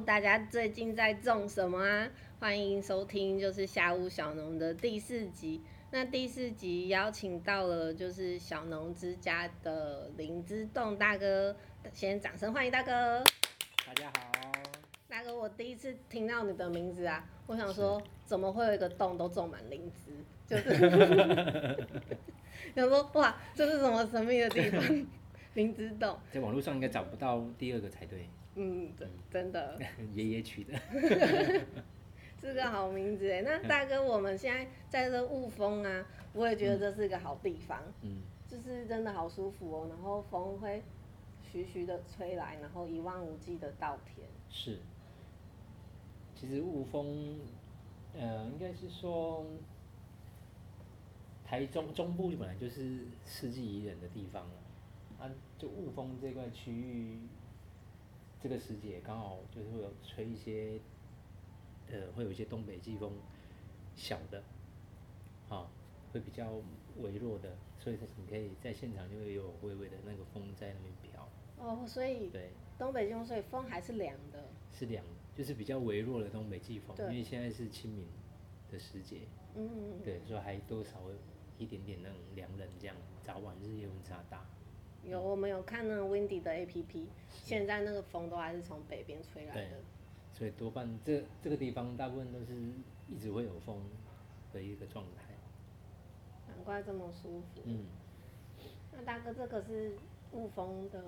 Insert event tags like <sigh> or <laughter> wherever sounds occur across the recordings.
大家最近在種什麼啊？歡迎收聽，就是下午小農的第四集。那第四集邀請到了就是小農之家的林資棟大哥，先掌聲歡迎大哥。大家好，大哥，我第一次聽到你的名字啊，我想說，怎麼會有一個洞都種滿靈芝？就是 <laughs> <laughs> 想說，哇，這是什麼神秘的地方？林 <laughs> 資棟，在網絡上應該找不到第二個才對。嗯，嗯，真的。爺爺取的 <laughs> ，是個好名字 <laughs> 那大哥，我們現在在這霧峰啊、嗯，我也覺得這是個好地方。嗯，就是真的好舒服哦。然後風會徐徐的吹來，然後一望無際的稻田。是，其實霧峰，呃，應該是說，台中中部本來就是四季宜人的地方啊，就霧峰這塊區域。這個時節剛好就是會有吹一些，呃，會有一些東北季風，小的，啊、哦，會比較微弱的，所以你可以在現場就會有微微的那個風在那邊飄。哦，所以對東北季風，所以風還是涼的。是涼，就是比較微弱的東北季風，因為現在是清明的時節，嗯嗯嗯，對，所以還多少一點點那種涼冷，這樣早晚日夜溫差大。有，我們有看那個 Windy 的 A P P，現在那個風都還是從北邊吹來的。對，所以多半這這個地方大部分都是一直會有風的一個狀態。難怪這麼舒服。嗯。那大哥，這個是霧峰的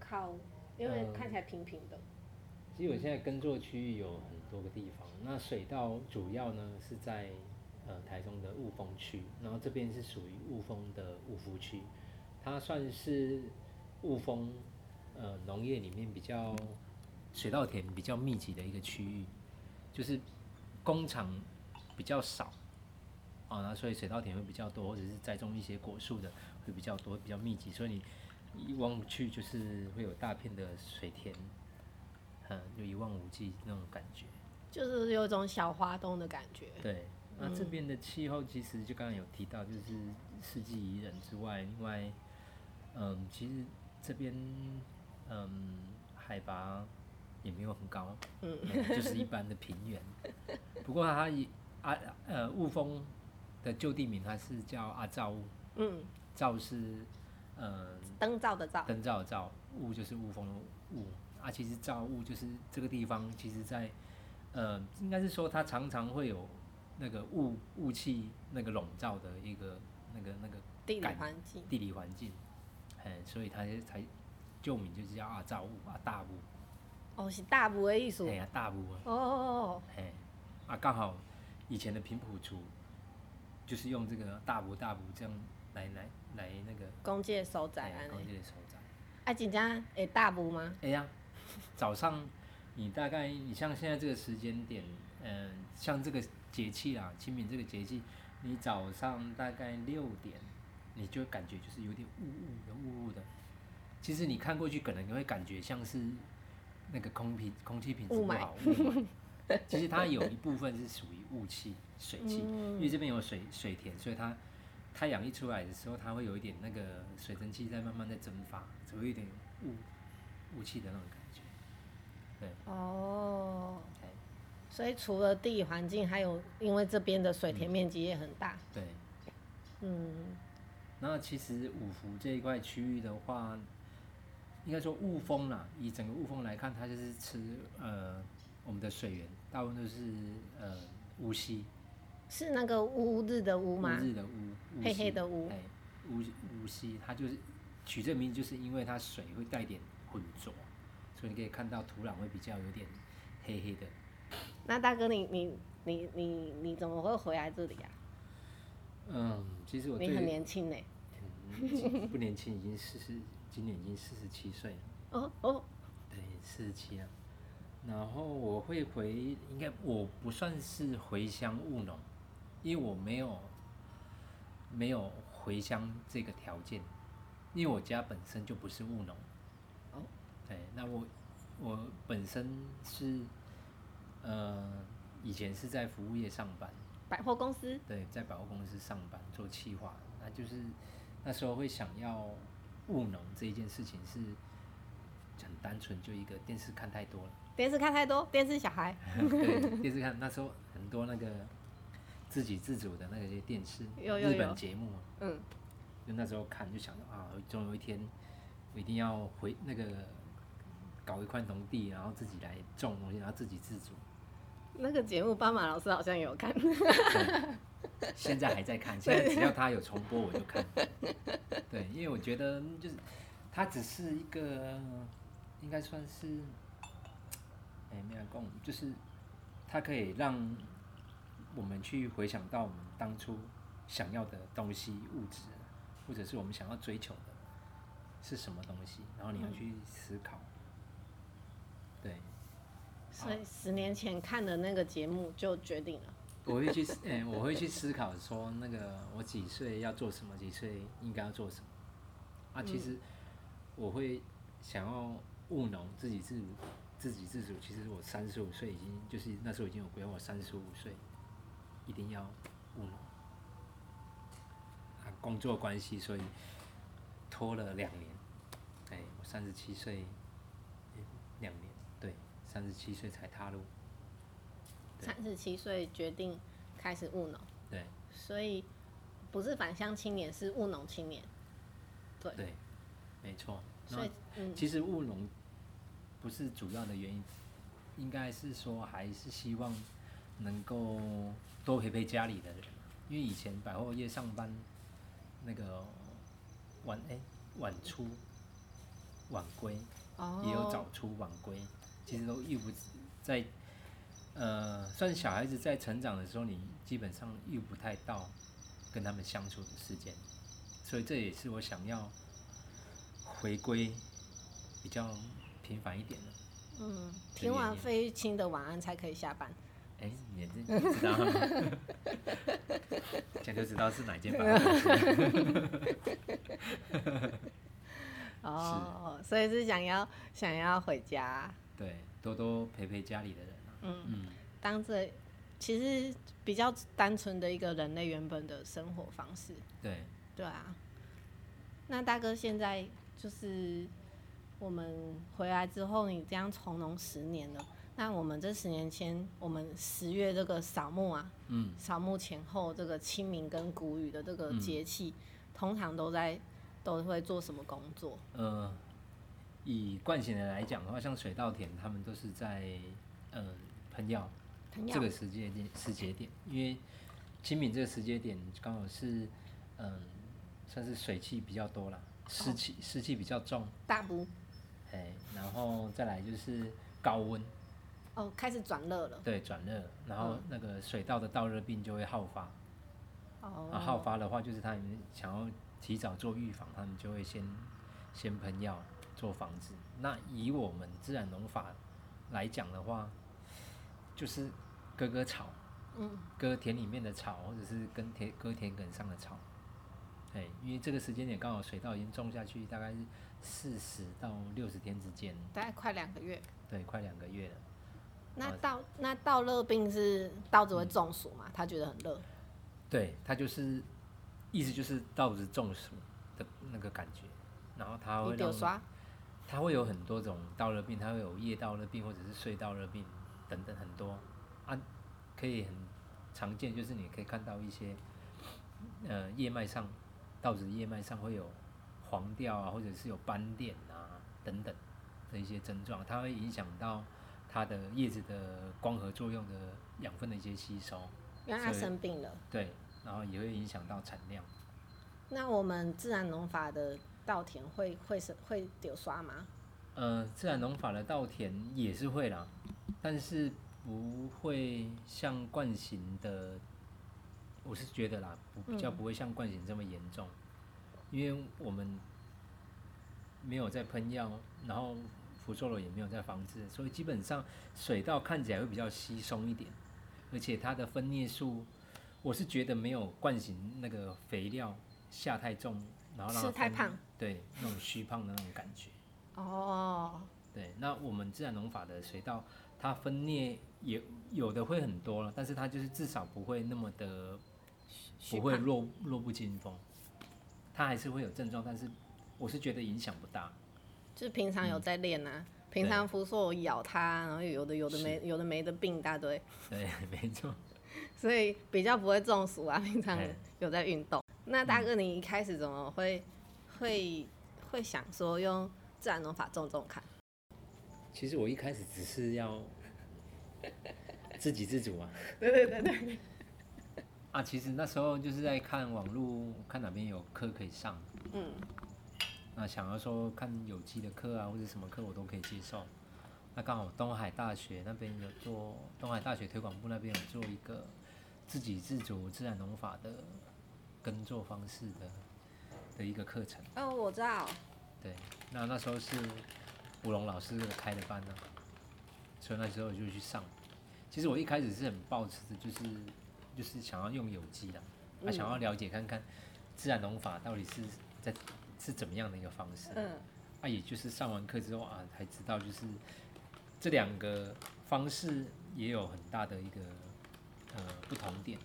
靠，因為看起來平平的。呃、其實我現在耕作區域有很多個地方，嗯、那水稻主要呢是在呃台中的霧峰區，然後這邊是屬於霧峰的五福區。它算是霧峰呃農業裡面比較水稻田比較密集的一個區域，就是工廠比較少啊，那所以水稻田會比較多，或者是栽種一些果樹的會比較多，比較密集，所以你一望無去就是會有大片的水田，嗯、啊，就一望無際那種感覺，就是有一種小花東的感覺。對，嗯、那這邊的氣候其實就剛剛有提到，就是四季宜人之外，另外。嗯，其實這邊嗯海拔也沒有很高嗯，嗯，就是一般的平原。 <laughs> 不過它也啊，呃霧峰的舊地名它是叫阿罩霧，嗯，罩是嗯燈罩的罩，燈罩的罩，霧就是霧峰的霧，嗯。啊，其實罩霧就是這個地方，其實在嗯、呃，應該是說它常常會有那個霧霧氣那個籠罩的一個那個那個，那個地理環境，地理環境。嗯、所以他才舊名就是叫阿造物阿大舞，哦，是大舞的意思。哎呀大啊。大哦，哦，哦，哦，哦。哦啊剛好以前的平埔族就是用這個大舞大舞這樣來來來那個弓箭手仔弓箭的手仔。啊真正會大舞嗎？哎呀、啊，早上你大概你像現在這個時間點，嗯像這個節氣啊，清明這個節氣，你早上大概六點。你就感覺就是有點霧霧的霧霧的，其實你看過去可能你會感覺像是那個空品空氣品質不好，其實它有一部分是屬於霧氣水氣，因為這邊有水水田，所以它太陽一出來的時候，它會有一點那個水蒸氣在慢慢在蒸發，只會有一點霧霧氣的那種感覺，對，哦，對，所以除了地理環境，還有因為這邊的水田面積也很大，嗯，對，嗯。那其實五福這一塊區域的話，應該說霧峰啦。以整個霧峰來看，它就是吃呃我們的水源，大部分都，就是呃烏溪。是那個烏日的烏嗎？烏日的烏，黑黑的烏。對，烏烏溪，它就是取這個名字，就是因為它水會帶點渾濁，所以你可以看到土壤會比較有點黑黑的。那大哥你，你你你你你怎麼會回來這裡啊？嗯，其實我對你很年輕呢、嗯，不年輕，已經四十，今年已經四十七歲了。哦哦，對，四十七啊。然後我會回，應該我不算是回鄉務農，因為我沒有沒有回鄉這個條件，因為我家本身就不是務農。哦、oh.，對，那我我本身是呃，以前是在服務業上班。百貨公司對，在百貨公司上班做企劃，那就是那時候會想要務農這一件事情是，很單純，就一個電視看太多了，電視看太多，電視小孩， <laughs> 對，電視看那時候很多那個自己自主的那些電視，有有有，日本節目，有有有，嗯，就那時候看就想着啊，終有一天我一定要回那個搞一塊農地，然後自己來種東西，然後自己自主。那個節目，斑馬老師好像有看，嗯。 <laughs> 現在還在看，現在只要他有重播，我就看。 <laughs> 對，因為我覺得就是，它只是一個，應該算是，哎，欸，沒有共，就是它可以讓，我們去回想到我們當初想要的東西、物質，或者是我們想要追求的，是什麼東西，然後你要去思考。嗯所以十年前看的那個節目就決定了。我會去，哎、欸，我會去思考說，那個我幾歲要做什麼，幾歲應該要做什麼。啊，其實我會想要務農，自給自足，自給自足。其實我三十五歲已經，就是那時候已經有規劃，我三十五歲一定要務農。啊，工作關係，所以拖了兩年。哎、欸，我三十七歲。三十七歲才踏入，三十七歲決定開始務農，對，所以不是返鄉青年，是務農青年，對對，沒錯，所以、嗯、其實務農不是主要的原因，應該是說還是希望能夠多陪陪家裡的人，因為以前百貨業上班，那個晚哎、欸、晚出晚歸、哦，也有早出晚歸。其實都遇不，在，呃，算小孩子在成長的時候，你基本上遇不太到跟他們相處的時間，所以這也是我想要回歸比較平凡一點的。嗯，聽完費玉清的晚安才可以下班。哎，你也知道嗎？這 <laughs> 就知道是哪間房哦， <laughs> <laughs> oh, 所以是想要想要回家。對，多多陪陪家裡的人、啊、嗯嗯，當這其實比較單純的一個人類原本的生活方式。對。對啊。那大哥，現在就是我們回來之後，你這樣從農十年了。那我們這十年前，我們十月這個掃墓啊，掃、嗯、墓前後這個清明跟谷雨的這個節氣、嗯，通常都在，都會做什麼工作？嗯。以慣行的來講的話，像水稻田，他們都是在嗯噴藥這個時間點時節點，因為清明這個時間點剛好是嗯、呃、算是水氣比較多了，濕氣濕氣比較重，大部哎，然後再來就是高溫，哦，開始轉熱了，對，轉熱，然後那個水稻的稻熱病就會好發，哦、嗯、啊好發的話，就是他們想要提早做預防，他們就會先先噴藥。做房子，那以我們自然農法來講的話，就是割割草，嗯，割田裡面的草，或者是跟田割田埂上的草。因為這個時間點剛好水稻已經種下去，大概是四十到六十天之間，大概快兩個月。對，快兩個月了。那稻那稻熱病是稻子會中暑嘛？他，嗯，覺得很熱。對，他就是意思就是稻子中暑的那個感覺，然後他會。你它會有很多種稻熱病，它會有葉稻熱病，或者是穗稻熱病等等很多。啊，可以很常見，就是你可以看到一些呃葉脈上，稻子葉脈上會有黃掉啊，或者是有斑點啊等等的一些症狀，它會影響到它的葉子的光合作用的養分的一些吸收。它生病了。對，然後也會影響到產量。那我們自然農法的。稻田會會是會丟刷嗎？呃，自然農法的稻田也是會啦，但是不會像慣行的，我是覺得啦，比較不會像慣行這麼嚴重，嗯、因為我們沒有在噴藥，然後福壽螺也沒有在防治，所以基本上水稻看起來會比較稀鬆一點，而且它的分蘖數，我是覺得沒有慣行那個肥料下太重。是太胖，對那種虛胖的那種感覺。哦，對，那我們自然農法的水稻，它分蘖也有的會很多了，但是它就是至少不會那麼的，不會弱弱不禁風，它還是會有症狀，但是我是覺得影響不大。就是平常有在練啊、嗯，平常不說我咬它，然後有的有的沒有的沒的病一大堆。對，沒錯。所以比較不會中暑啊，平常有在運動。那大哥，你一開始怎麼會、嗯、會會想說用自然農法種種看？其實我一開始只是要自給自足啊。 <laughs> 對對對對。啊，其實那時候就是在看網絡，看哪邊有課可以上。嗯。那想要說看有機的課啊，或者什麼課我都可以接受。那剛好東海大學那邊有做，東海大學推廣部那邊有做一個自給自足自然農法的。耕作方式的的一個課程。哦，我知道、哦。對，那那時候是吳龍老師開的班呢、啊，所以那時候就去上。其實我一開始是很抱持的，就是就是想要用有機的、嗯，啊，想要了解看看自然農法到底是在是怎麼樣的一個方式、啊。嗯，啊，也就是上完課之後啊，才知道就是這兩個方式也有很大的一個呃不同點。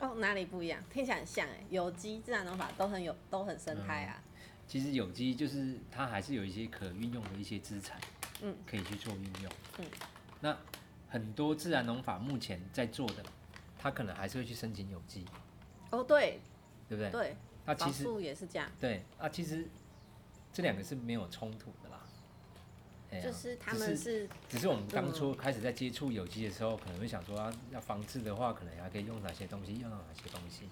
哦，哪裡不一樣？聽起來很像哎，有機自然農法都很有，都很生態啊。嗯，其實有機就是它還是有一些可運用的一些資產，嗯，可以去做運用，嗯。那很多自然農法目前在做的，它可能還是會去申請有機。哦，對，對不對？對。那其實也是這樣。對啊，其實這兩個是沒有衝突的啦。啊、就是他們是只是，只是我們當初開始在接觸有機的時候，可能會想說、啊，要防治的話，可能還可以用哪些東西，用哪些東西。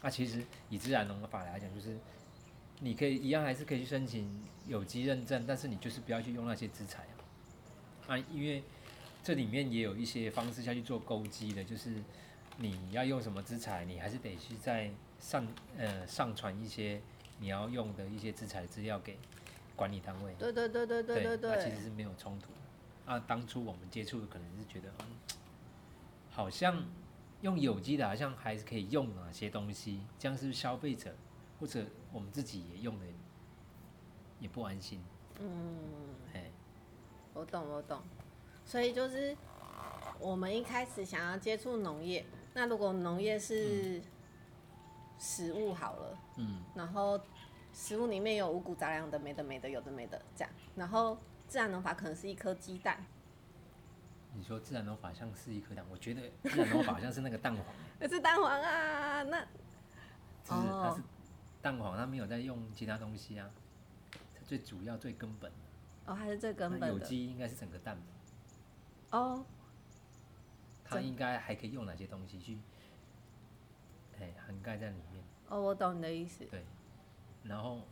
那、啊、其實以自然農法來講，就是你可以一樣還是可以去申請有機認證，但是你就是不要去用那些資材啊。啊，因為這裡面也有一些方式下去做勾稽的，就是你要用什麼資材，你還是得去再上呃上傳一些你要用的一些資材資料給。管理單位，對對對對對對、啊、其實是沒有衝突。啊、當初我們接觸的可能是覺得，嗯、好像用有機的、啊，好像還是可以用哪些東西，這樣是不是消費者或者我們自己也用的也不安心？嗯，嘿，我懂我懂，所以就是我們一開始想要接觸農業，那如果農業是食物好了，嗯，然後。食物裡面有五穀雜糧的，沒的沒的，有的沒的這樣。然後自然農法可能是一顆雞蛋。你說自然農法像是一顆蛋，我覺得自然農法好像是那個蛋黃。 <laughs> 是蛋黃啊，那，哦、蛋黃，它沒有在用其他東西啊，它最主要最根本哦，還是最根本的。有機應該是整個蛋。哦。它應該還可以用哪些東西去，哎、欸，涵蓋在裡面。哦，我懂你的意思。對。然後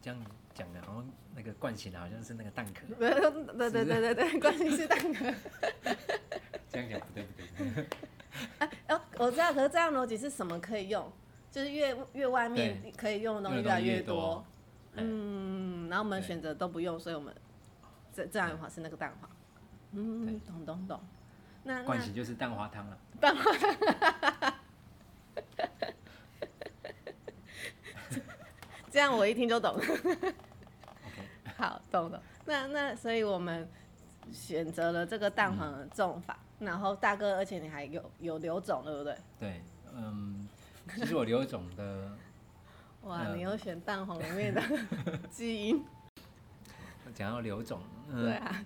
這樣講的，好像那個慣行啊，好像是那個蛋殼。對 <laughs> 對對對對，慣行是蛋殼。 <laughs> 這樣講不對不對，對、啊哦。我知道，可是這樣的邏輯是什麼可以用？就是越越外面可以用的東西越來越多。越多，嗯，然後我們選擇都不用，所以我們這這樣的話是那個蛋黃。嗯，懂懂懂。那慣行就是蛋花湯了。蛋花湯。湯 <laughs> 這樣我一聽就懂 <laughs> ，okay. 好，懂懂。那那，所以我們選擇了這個蛋黃的種法，嗯，然後大哥，而且你還有有留種，對不對？對，嗯，其實我留種的、 <laughs> 嗯。哇，你又選蛋黃裡面的 <laughs> 基因。講到留種，嗯，對啊。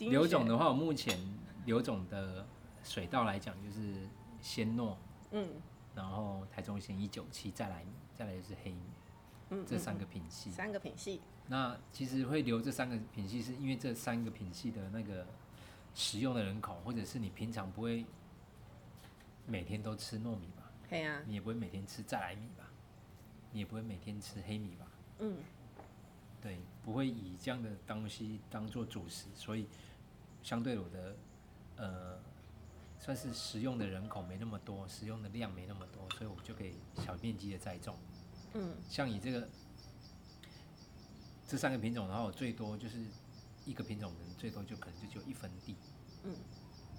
留種的話，我目前留種的水稻來講就是秈糯，嗯，然後台中秈一九七，再來再來就是黑米。這三個品系嗯嗯嗯，三個品系。那其實會留這三個品系，是因為這三個品系的那個食用的人口，或者是你平常不會每天都吃糯米吧？對啊。你也不會每天吃再來米吧？你也不會每天吃黑米吧？嗯。對，不會以這樣的東西當做主食，所以相對我的呃，算是食用的人口沒那麼多，食用的量沒那麼多，所以我們就可以小面積的栽種。以這個、嗯，像你這個這三個品種，然後我最多就是一個品種，可能最多就可能就只有一分地，嗯，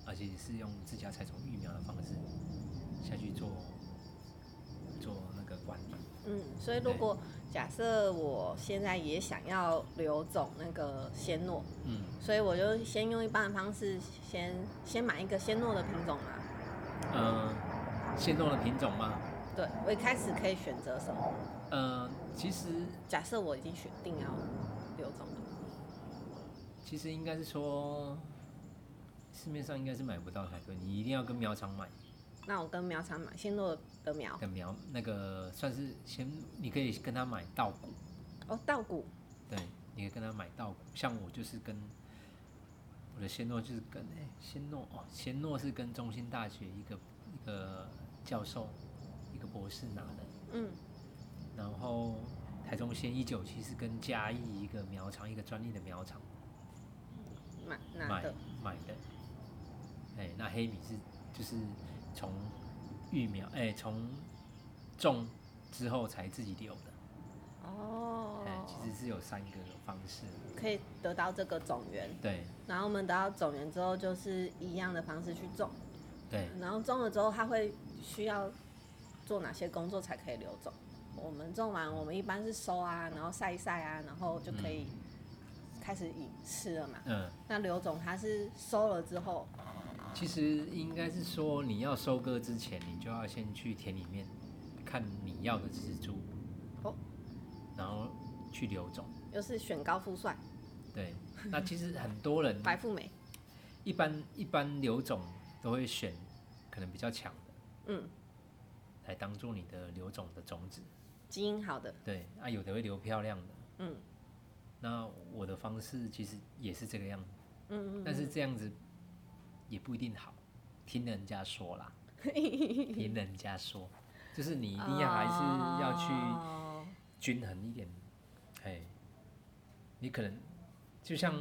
而且是用自家採種育苗的方式下去做做那個管理。嗯，所以如果假設我現在也想要留種那個鮮糯，嗯，所以我就先用一般的方式先，先先買一個鮮糯的、嗯、的品種嘛。嗯，鮮糯的品種嗎？對，我一開始可以選擇什麼？呃，其實假設我已經選定要六種其實應該是說市面上應該是買不到太多，你一定要跟苗場買。那我跟苗場買先諾的苗。的苗那個算是先，你可以跟他買稻穀。哦，稻穀。對，你可以跟他買稻穀。像我就是跟我的先諾就是跟哎先諾哦，先諾是跟中興大學一個一個教授。博士拿的，嗯，然後台中秈一九七是跟嘉義一個苗場，一個專利的苗場買的買,買的買的，哎，那黑米是就是從育苗，哎，從種之後才自己留的哦，哎，其實是有三個方式可以得到這個種源，對，然後我們得到種源之後，就是一樣的方式去種，對，嗯，然後種了之後，它會需要。做哪些工作才可以留種？我們種完，我們一般是收啊，然後曬一曬啊，然後就可以開始、嗯、吃了嘛。嗯。那留種他是收了之後，其實應該是說你要收割之前，你就要先去田裡面看你要的植株哦。然後去留種。又是選高富帥。對。那其實很多人。 <laughs> 白富美。一般一般留種都會選可能比較強的。嗯。來當做你的留種的種子，基因好的，對啊，有的會留漂亮的，嗯，那我的方式其實也是這個樣子，嗯，嗯，嗯，但是這樣子也不一定好，聽人家說啦， <laughs> 聽人家說，就是你一定要還是要去均衡一點，哦，哎，你可能就像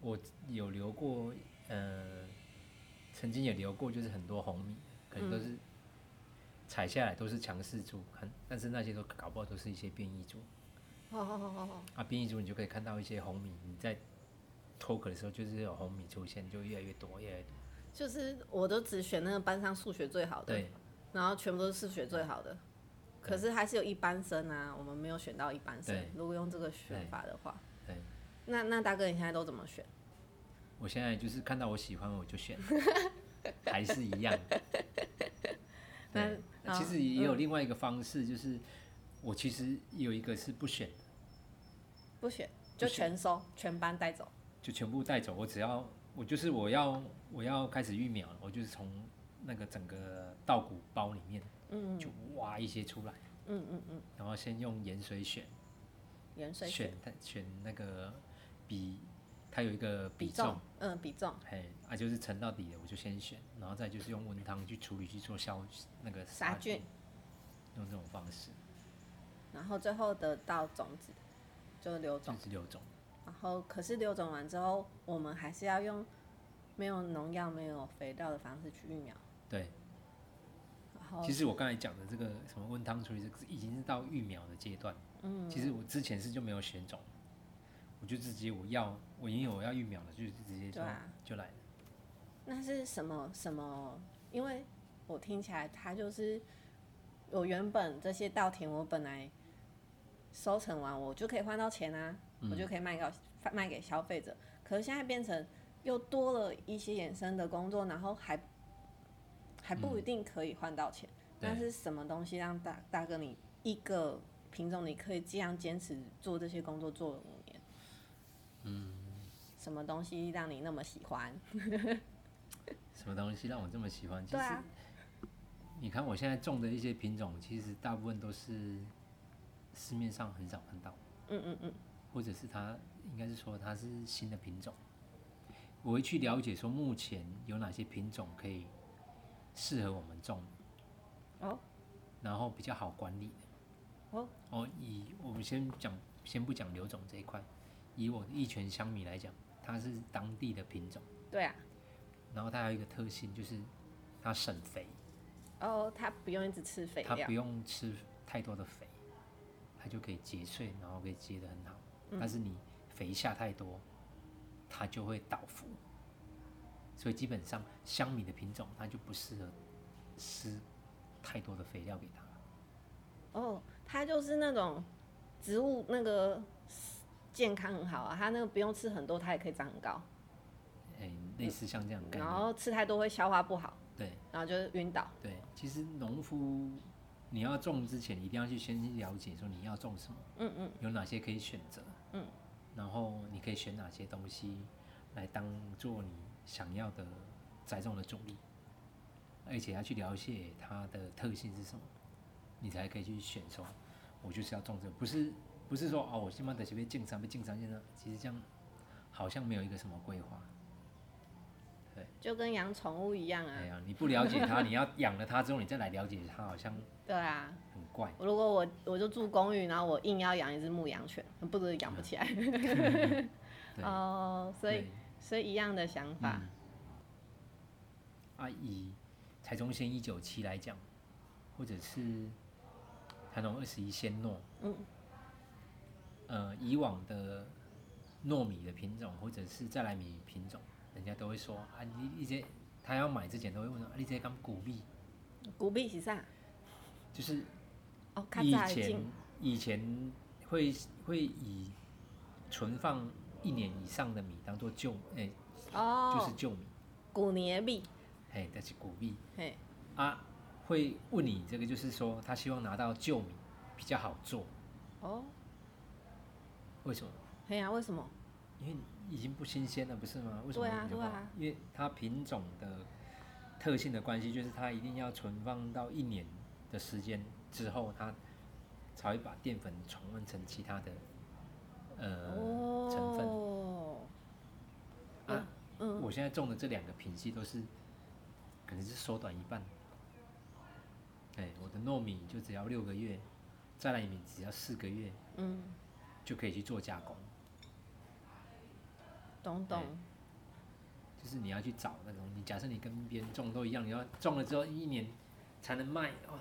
我有留過，呃，曾經也留過，就是很多紅米，可能都是，嗯。踩下來都是強勢株，看，但是那些都搞不好都是一些變異株。哦哦哦啊，變異株你就可以看到一些紅米，你在脫殼的時候就是有紅米出現，就越來越多，越來越多。就是我都只選那個班上數學最好的，對，然後全部都是數學最好的，可是還是有一般生啊，我們沒有選到一般生。如果用這個選法的話，那那大哥你現在都怎麼選？我現在就是看到我喜歡我就選， <laughs> 還是一樣。 <laughs> 那、嗯、其實也有另外一個方式，嗯，就是我其實有一個是不選，不選就全收，全班帶走，就全部帶走。我只要我就是我要我要開始育苗了，我就是從那個整個稻穀包裡面，嗯，嗯，就挖一些出來，嗯嗯嗯，然後先用鹽水選，鹽水選、選，選那個比。它有一個比重，比重，嗯，比重，嘿，啊，就是沉到底了，我就先選，然後再就是用溫湯去處理，去做消那個殺菌、菌，用這種方式，然後最後得到種子，就留種，種子留種，然後可是留種完之後，我們還是要用沒有農藥、沒有肥料的方式去育苗，對，然後其實我剛才講的這個什麼溫湯處理，是已經是到育苗的階段，嗯，其實我之前是就沒有選種。我就自己，我要，我已經有要育苗了，就直接對、啊、就來了。那是什麼什麼？因為我聽起來，他就是我原本這些稻田，我本來收成完，我就可以換到錢啊，我就可以賣給、嗯、賣給消費者。可是現在變成又多了一些衍生的工作，然後還還不一定可以換到錢、嗯。那是什麼東西讓大大哥你一個品種你可以這樣堅持做這些工作做？嗯，什麼東西讓你那麼喜歡？ <laughs> 什麼東西讓我這麼喜歡？其實、對啊、你看我現在種的一些品種，其實大部分都是市面上很少看到。嗯嗯嗯，或者是它應該是說它是新的品種，我會去了解說目前有哪些品種可以適合我們種，哦，然後比較好管理哦哦，以我們先講，先不講留種這一塊。以我益全香米來講，它是當地的品種。對啊，然後它還有一個特性，就是它省肥。哦、oh,，它不用一直吃肥料。它不用吃太多的肥，它就可以結穗，然後可以結得很好、嗯。但是你肥下太多，它就會倒伏。所以基本上香米的品種，它就不適合施太多的肥料給它。哦、oh,，它就是那種植物那個。健康很好啊，他那個不用吃很多，他也可以長很高。哎、欸，類似像這樣、嗯。然後吃太多會消化不好。對。然後就暈倒。對，其實農夫，你要種之前，你一定要先去先了解說你要種什麼，嗯嗯，有哪些可以選擇，嗯，然後你可以選哪些東西來當做你想要的栽種的種，而且要去了解它的特性是什麼，你才可以去選擇我就是要種這個，不是。不是說哦，我現在在準備進，山，不進山現在其實這樣，好像沒有一個什麼規劃，對，就跟養寵物一樣啊。哎呀、啊，你不了解它， <laughs> 你要養了它之後，你再來了解它，好像對啊，很怪。如果我我就住公寓，然後我硬要養一只牧羊犬，不得養不起來。嗯、 <laughs> 對哦，oh，所以所以一樣的想法。阿、嗯、姨，台、啊、中秈一九七來講，或者是台中二十一秈糯，嗯。呃、以往的糯米的品種，或者是再來米品種，人家都會說啊，你一些他要買之前都會問說，你這些剛古米，古米是啥？就是以前、哦、以前會會以存放一年以上的米當做舊哎，就是舊米，古年的米，嘿，但、就是古米，嘿啊，會問你這個，就是說他希望拿到舊米比較好做，哦。為什麼？對呀、啊，為什麼？因為已經不新鮮了，不是嗎？為什麼？對啊，對啊，因為它品種的特性的關係，就是它一定要存放到一年的時間之後，它才會把澱粉轉換成其他的呃、oh. 成分。哦。啊，uh. 我現在種的這兩個品系都是，可能是縮短一半。哎，我的糯米就只要六個月，在來米只要四個月。嗯、uh.。就可以去做加工，懂懂、欸，就是你要去找那種，你假設你跟別人種都一樣，你要種了之後一年才能賣哇。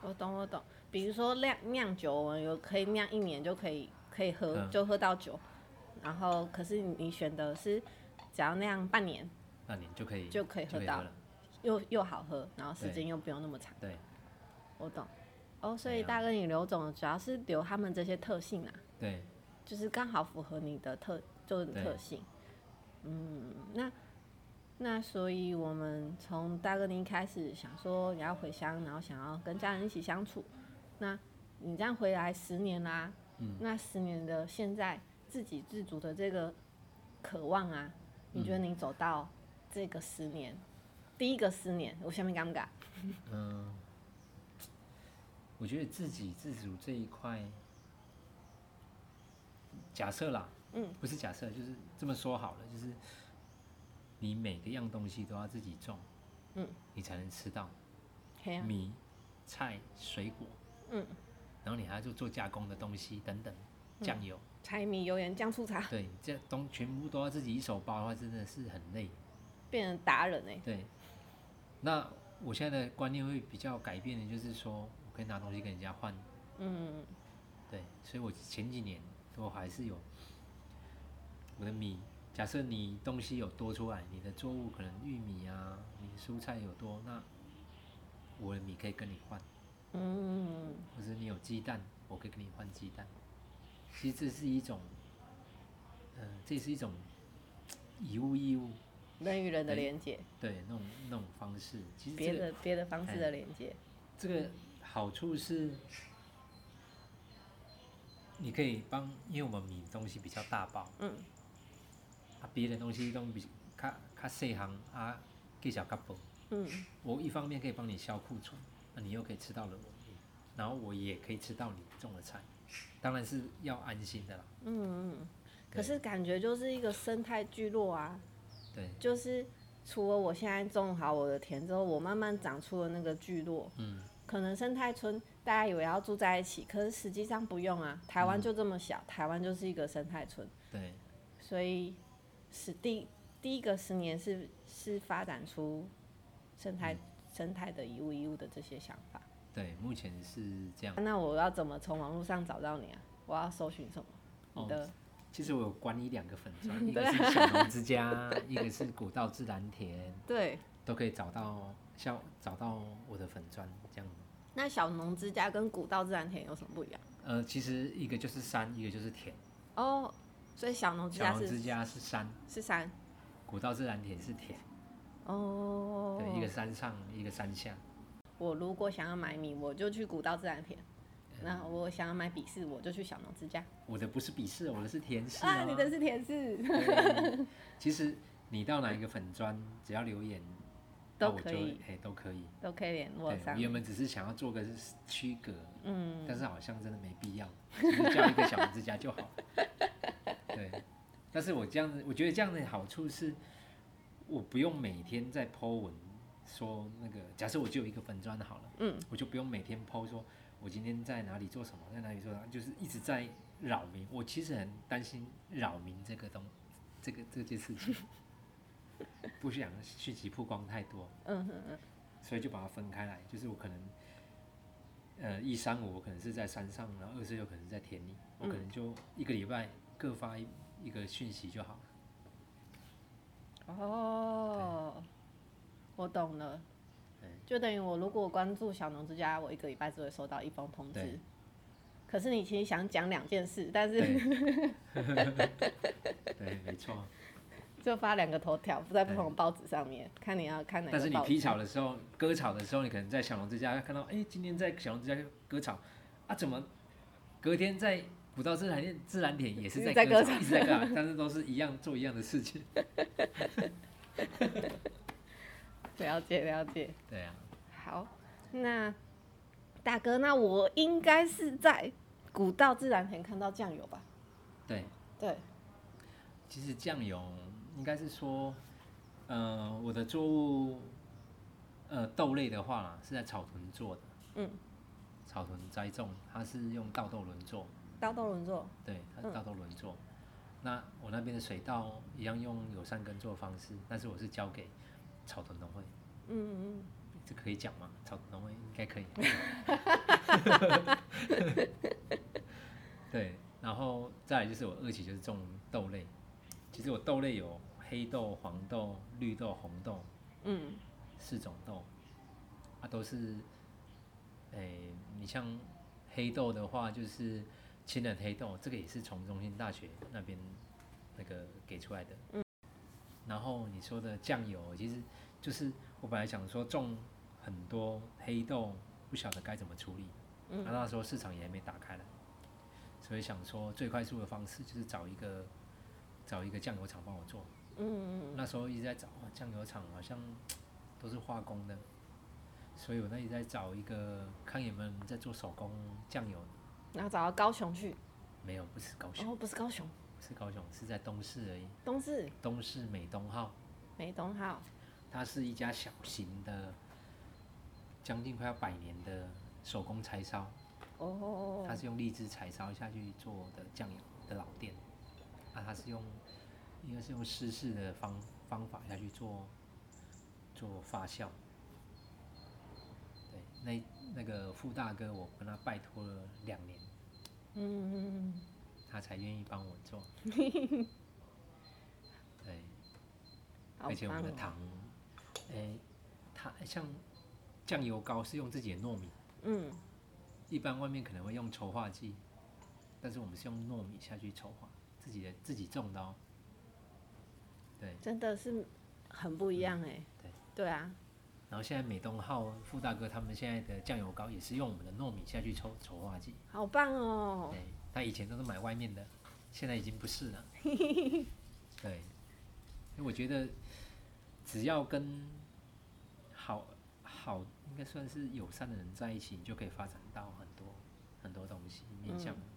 我懂我懂，比如說釀釀酒，我們有可以釀一年就可以可以喝，嗯，就喝到酒，然後可是你選的是只要釀半年，半年就可以就可以喝到，喝了又又好喝，然後時間又不用那麼長。對，我懂，哦，所以大哥你留種主要是留他們這些特性啊？對，就是剛好符合你的特，就是，的特性。嗯，那那所以我們從大哥您開始想說你要回鄉，然後想要跟家人一起相處。那你這樣回來十年啦，啊嗯，那十年的現在自給自足的這個渴望啊，你覺得你走到這個十年，嗯，第一個十年，我下面感不感？嗯 <laughs> 呃，我覺得自給自足這一塊。假設啦，嗯，不是假設，就是這麼說好了，就是你每個樣東西都要自己種，嗯，你才能吃到米，米、啊、菜、水果，嗯，然後你還要做，做加工的東西等等，醬油、嗯、柴米油鹽醬醋茶，對，這東全部都要自己一手包的話，真的是很累，變成達人哎、欸，對，那我現在的觀念會比較改變的，就是說我可以拿東西跟人家換，嗯，對，所以我前幾年。都還是有我的米。假設你東西有多出來，你的作物可能玉米啊，你蔬菜有多，那我的米可以跟你換，嗯，嗯，嗯，或者你有雞蛋，我可以跟你換雞蛋。其實這是一種，呃，這是一種以物易物，人與人的連接，欸，對那種那種方式，其實這個，別的，別的方式的連接，欸，這個好處是。你可以幫，因為我們米東西比較大包，嗯，啊，別的東西都比較卡細行啊，較小較薄，嗯，我一方面可以幫你消庫存，那、啊、你又可以吃到了我的米，然後我也可以吃到你種的菜，當然是要安心的啦，嗯嗯，可是感覺就是一個生態聚落啊，對，就是除了我現在種好我的田之後，我慢慢長出了那個聚落，嗯。可能生態村，大家以為要住在一起，可是實際上不用啊。台灣就這麼小，嗯、台灣就是一個生態村。對。所以是第第一個十年是是發展出生態、嗯、生態的一物一物的這些想法。對，目前是這樣。那我要怎麼從網絡上找到你啊？我要搜尋什麼？哦、你的，其實我有管理兩個粉專， <laughs> 一個是小農之家， <laughs> 一個是穀稻自然田。對。都可以找到。想找到我的粉專這樣。那小農之家跟穀稻自然田有什麼不一樣？呃，其實一個就是山，一個就是田。哦，所以小農之家是小農之家是山，是山。穀稻自然田是田。哦，對，一個山上，一個山下。我如果想要買米，我就去穀稻自然田。那、嗯、我想要買筆試，我就去小農之家。我的不是筆試，我的是田、啊。是啊，你的是田。是、嗯。 <laughs> 其實你到哪一個粉專，只要留言。那我就誒都,都可以，都可以對我想你。我原本只是想要做個區隔，嗯，但是好像真的沒必要， <laughs> 只是叫一個小農之家就好了。 <laughs> 對，但是我這樣子，我覺得這樣的好處是，我不用每天在 po 文說那個，假設我就有一個粉專好了，嗯，我就不用每天 po 說，我今天在哪裡做什麼，在哪裡做什麼，就是一直在擾民。我其實很擔心擾民這個東，這個這件事情。 <laughs> <laughs> 不想訊息曝光太多，嗯哼哼。所以就把它分開來，就是我可能，呃，一三五我可能是在山上，然後二四六可能是在田裡，嗯，我可能就一個禮拜各發一,一個訊息就好了。哦，我懂了，對，就等於我如果關注小農之家，我一個禮拜只會收到一封通知。可是你其實想講兩件事，但是對。 <laughs> <laughs> 對，沒錯。就發兩個頭條，附在不同的報紙上面，看你要看哪個。但是你劈草的時候，割草的時候，你可能在小農之家看到，哎、欸，今天在小農之家割草，啊，怎麼隔天在穀稻自然田自然田也是在割草，一直在割草 <laughs> 但是都是一樣做一樣的事情。 <laughs> <laughs> 了解了解，對啊。好，那大哥，那我應該是在穀稻自然田看到醬油吧？對對，其實醬油。應該是說，呃，我的作物，呃，豆類的話啦，是在草屯做的。嗯。草屯栽種，它是用稻豆輪作。稻豆輪作。對，它是稻豆輪作。嗯。那我那邊的水稻一樣用友善耕作方式，但是我是交給草屯農會。嗯，嗯嗯。這可以講嗎？草屯農會應該可以。 <laughs> <laughs> 對，然後再來就是我二期就是種豆類。其實我豆類有黑豆、黃豆、綠豆、紅豆，嗯，四種豆，它都是，哎、欸，你像黑豆的話，就是青仁黑豆，這個也是從中心大學那邊那個給出來的，嗯、然後你說的醬油，其實就是我本來想說種很多黑豆，不曉得該怎麼處理，嗯，啊、那時候市場也還沒打開呢，所以想說最快速的方式就是找一個。找一個醬油廠幫我做，嗯，那時候一直在找醬油廠，好像都是化工的，所以我那裡在找一個，看有沒有人在做手工醬油，然後找到高雄去？沒有，不是高雄。哦，不是高雄？不是高雄，是在東勢而已。東勢。東勢美東號。美東號。它是一家小型的，將近快要百年的手工柴燒。哦。它是用荔枝柴燒下去做的醬油的老店。啊，他是用，應該是用濕式的方方法下去做，做發酵。對，那那個傅大哥，我跟他拜托了兩年，嗯，他才願意幫我做。 <laughs> 對，哦，而且我們的糖，哎，欸，他像醬油膏是用自己的糯米，嗯，一般外面可能會用稠化劑，但是我們是用糯米下去稠化。自己的自己種的，哦，對，真的是很不一樣哎、嗯。對。對啊。然後現在美東號傅大哥他們現在的醬油膏也是用我們的糯米下去抽抽化劑，好棒哦。對，他以前都是買外面的，現在已經不是了。 <laughs> 對，嘿，因為我覺得只要跟好好應該算是友善的人在一起，你就可以發展到很多很多東西面向。嗯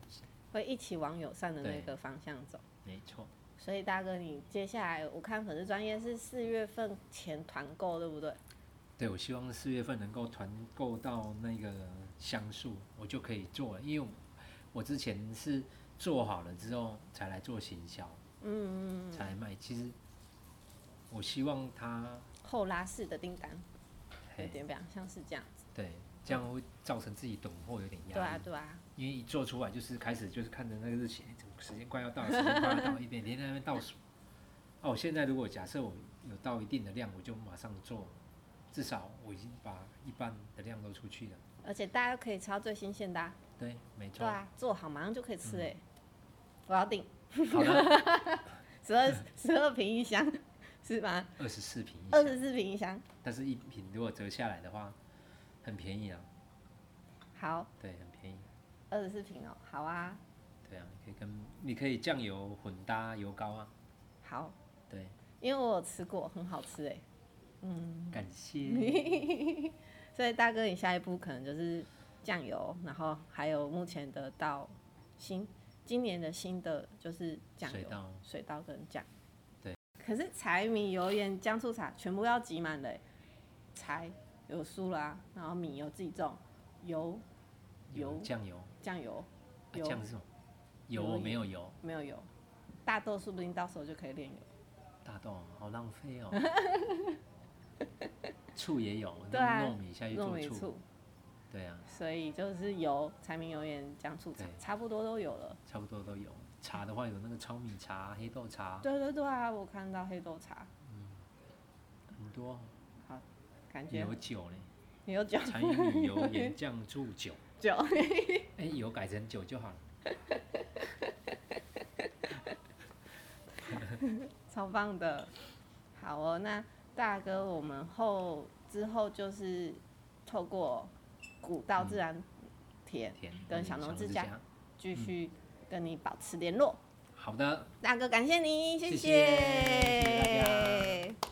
會一起往友善的那個方向走，沒錯。所以大哥，你接下來我看粉絲專頁是四月份前團購，對不對？對，我希望四月份能夠團購到那個箱數，我就可以做了。因為我，我之前是做好了之後才來做行銷，嗯，嗯，嗯，才來賣。其實，我希望他後拉式的訂單。Hey, 有點不像，是這樣子。對，這樣會造成自己懂貨有點壓力。嗯。對啊，對啊。因為一做出來，就是開始就是看着那個日期，欸、怎麼時間快要到了，時間快要到了，一邊在那邊倒數。 <laughs> 哦，現在如果假設我有到一定的量，我就馬上做，至少我已經把一般的量都出去了。而且大家都可以吃到最新鮮的。啊、對，沒錯。對啊，做好馬上就可以吃哎。欸嗯！我要訂。十二十二瓶一箱。 <laughs> 是嗎？二十四瓶，二十四瓶一箱，但是一瓶如果折下來的話，很便宜啊。好。對，很便宜。二十四瓶哦，好啊。對啊，你可以跟你可以醬油混搭油膏啊。好。對，因為我有吃過，很好吃哎。嗯。感謝。 <laughs> 所以大哥，你下一步可能就是醬油，然後還有目前得到新，今年的新的就是醬油、水稻，水稻跟醬。可是柴米油鹽醬醋茶全部要集滿嘞。柴有樹啦，然後米有自己種，油油醬油醬油，油，油，油沒有油沒有油，沒有油，大豆說不定到時候就可以煉油。大豆、啊、好浪費哦、喔。 <laughs> 醋也有，弄糯米下去做醋、啊、米醋。對啊。所以就是油、柴米油鹽醬醋茶差不多都有了。差不多都有。茶的話有那個糙米茶、黑豆茶。對對對啊，我看到黑豆茶。嗯、很多、啊。好，感覺。有酒呢，你有酒。柴米油鹽醬醋酒。酒。哎、 <laughs> 欸，油改成酒就好了。 <laughs> 超棒的，好哦。那大哥，我們後之後就是透過穀稻自然田、嗯、跟小農之家繼、嗯、續、嗯。跟你保持聯絡。好的，大哥，感謝你，謝謝。謝謝，謝謝大家。